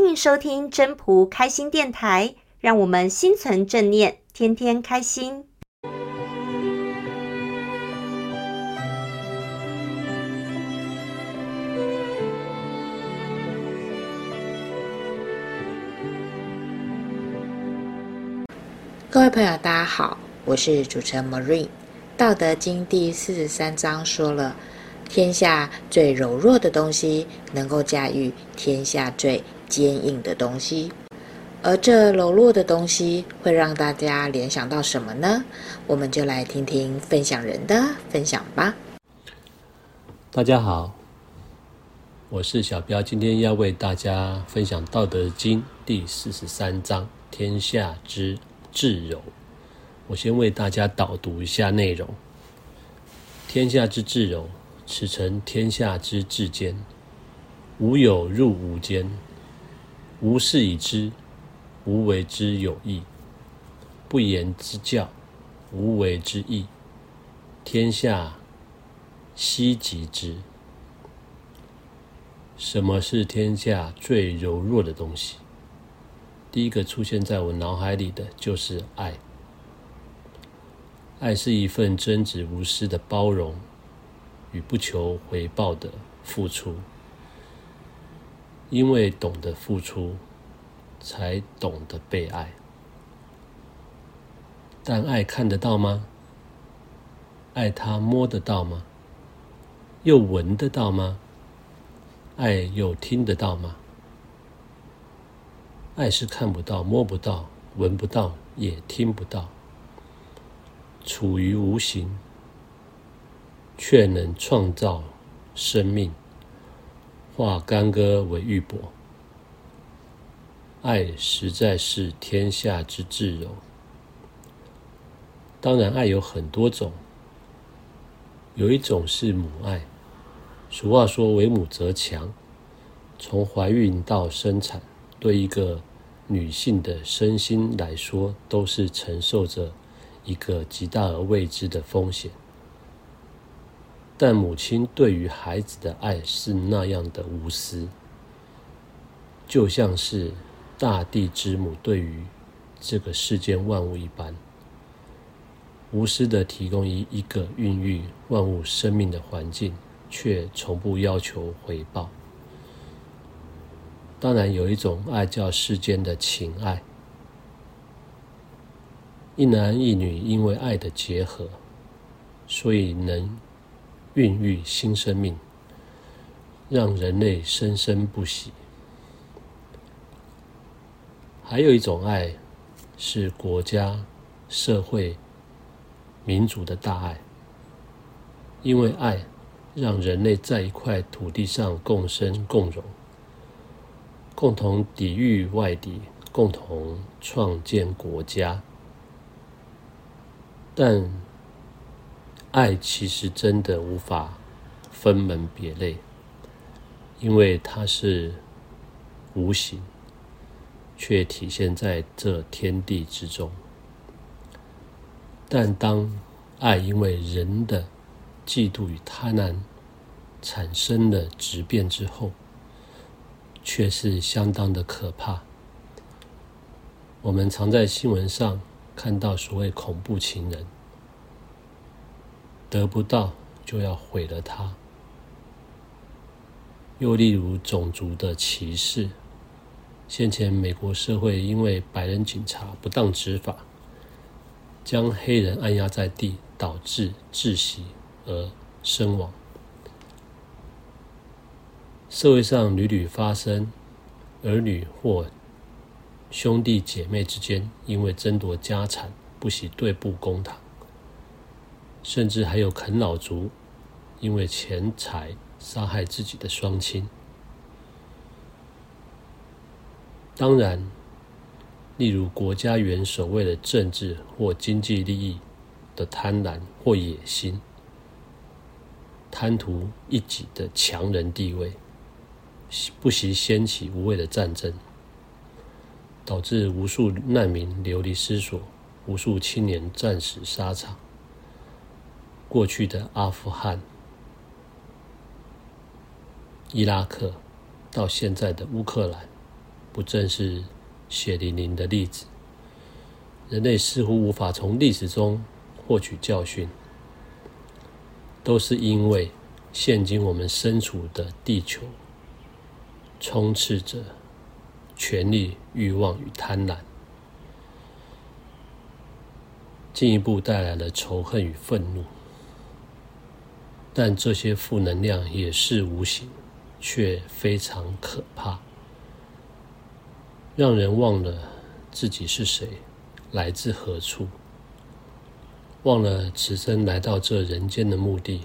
歡迎收聽真樸開心電台，讓我們心存正念，天天開心。各位朋友，大家好，我是主持人 Marine。《道德經》第四十三章說了：天下最柔弱的東西，能夠駕馭天下最堅硬的東西，而這柔弱的東西會讓大家聯想到什麼呢？我們就來聽聽分享人的分享吧。大家好，我是小彪，今天要為大家分享《道德經》第四十三章“天下之至柔”。我先為大家導讀一下內容：“天下之至柔，馳騁天下之至堅。無有入無間。”吾是以知，無為之有益；不言之教，無為之益，天下希及之。什麼是天下最柔弱的東西？第一個出現在我腦海裡的就是愛。愛是一份真摯無私的包容與不求回報的付出。因為懂得付出，才懂得被愛。但愛看得到嗎？愛他摸得到嗎？又聞得到嗎？愛又聽得到嗎？愛是看不到、摸不到、聞不到、也聽不到。處於無形，卻能創造生命。化干戈為玉帛，愛實在是天下之至柔。當然，愛有很多種，有一種是母愛。俗話說“為母則強”，從懷孕到生產，對一個女性的身心來說，都是承受着一個極大而未知的風險。但母親對於孩子的愛是那樣的無私，就像是大地之母對於這個世間萬物一般，無私的提供於一個孕育萬物生命的環境，卻從不要求回報。當然，有一種愛叫世間的情愛，一男一女因為愛的結合，所以能孕育新生命，讓人類生生不息。還有一種愛，是國家、社會、民族的大愛。因為愛，讓人類在一塊土地上共生共榮，共同抵禦外敵，共同創建國家。但愛其實真的無法分門別類，因為它是無形，卻體現在這天地之中。但當愛因為人的嫉妒與貪婪產生了質變之後，卻是相當的可怕。我們常在新聞上看到所謂“恐怖情人”。得不到就要毀了他。又例如種族的歧視，先前美國社會因為白人警察不當執法，將黑人按壓在地，導致窒息而身亡。社會上屢屢發生兒女或兄弟姐妹之間因為爭奪家產，不惜對簿公堂。甚至還有啃老族，因為錢財殺害自己的雙親。當然，例如國家元首為了政治或經濟利益的貪婪或野心，貪圖一己的強人地位，不惜掀起無謂的戰爭，導致無數難民流離失所，無數青年戰死沙場。過去的阿富汗、伊拉克，到現在的烏克蘭，不正是血淋淋的例子？人類似乎無法從歷史中獲取教訓，都是因為現今我們身處的地球，充斥着權力、欲望與貪婪，進一步帶來了仇恨與憤怒。但這些負能量也是無形，卻非常可怕，讓人忘了自己是誰，來自何處，忘了此生來到這人間的目的，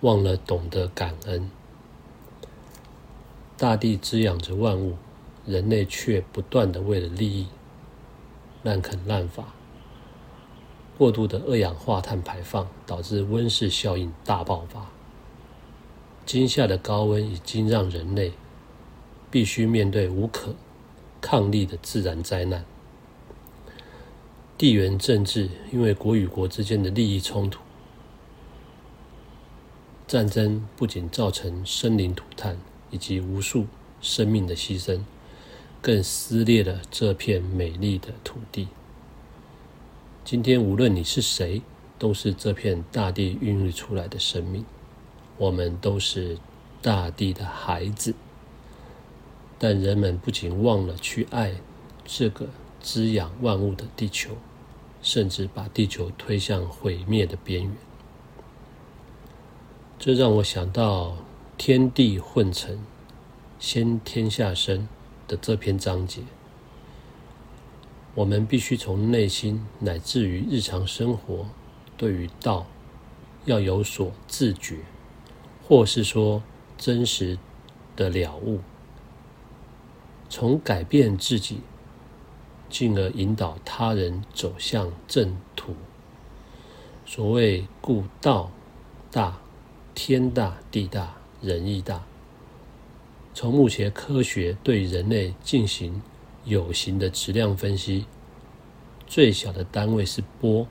忘了懂得感恩。大地滋養着萬物，人類卻不斷地為了利益，濫墾濫伐。過度的二氧化碳排放導致溫室效應大爆發。今夏的高溫已經讓人類必須面對無可抗力的自然災難。地緣政治因為國與國之間的利益衝突，戰爭不僅造成生靈塗炭以及無數生命的犧牲，更撕裂了這片美麗的土地。今天無論你是誰，都是這片大地孕育出來的生命，我們都是大地的孩子。但人們不僅忘了去愛這個滋養萬物的地球，甚至把地球推向毀滅的邊緣。這讓我想到“天地混成，先天下生”的這篇章節。我們必須從內心乃至於日常生活，對於道要有所自覺，或是說真實的了悟，從改變自己，進而引導他人走向正途。所謂“故道大，天大地大，人亦大”，從目前科學對人類進行。有形的質量分析，最小的單位是波。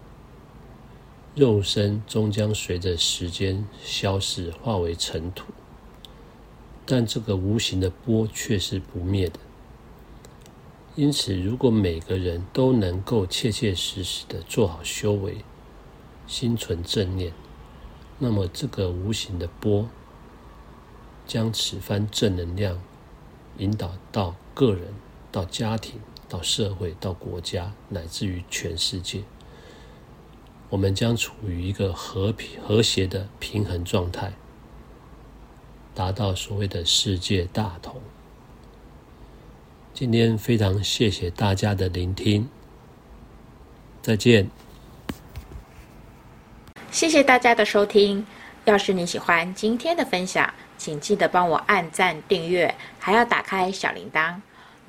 肉身終將隨着時間消逝，化為塵土。但這個無形的波卻是不滅的。因此，如果每個人都能夠切切實實的做好修為，心存正念，那麼這個無形的波將此番正能量引導到個人，到家庭、到社會、到國家，乃至於全世界，我們將處於一個和平、和諧的平衡狀態，達到所謂的世界大同。今天非常謝謝大家的聆聽，再見。謝謝大家的收聽。要是你喜歡今天的分享，請記得幫我按讚、訂閱，還要打開小鈴鐺。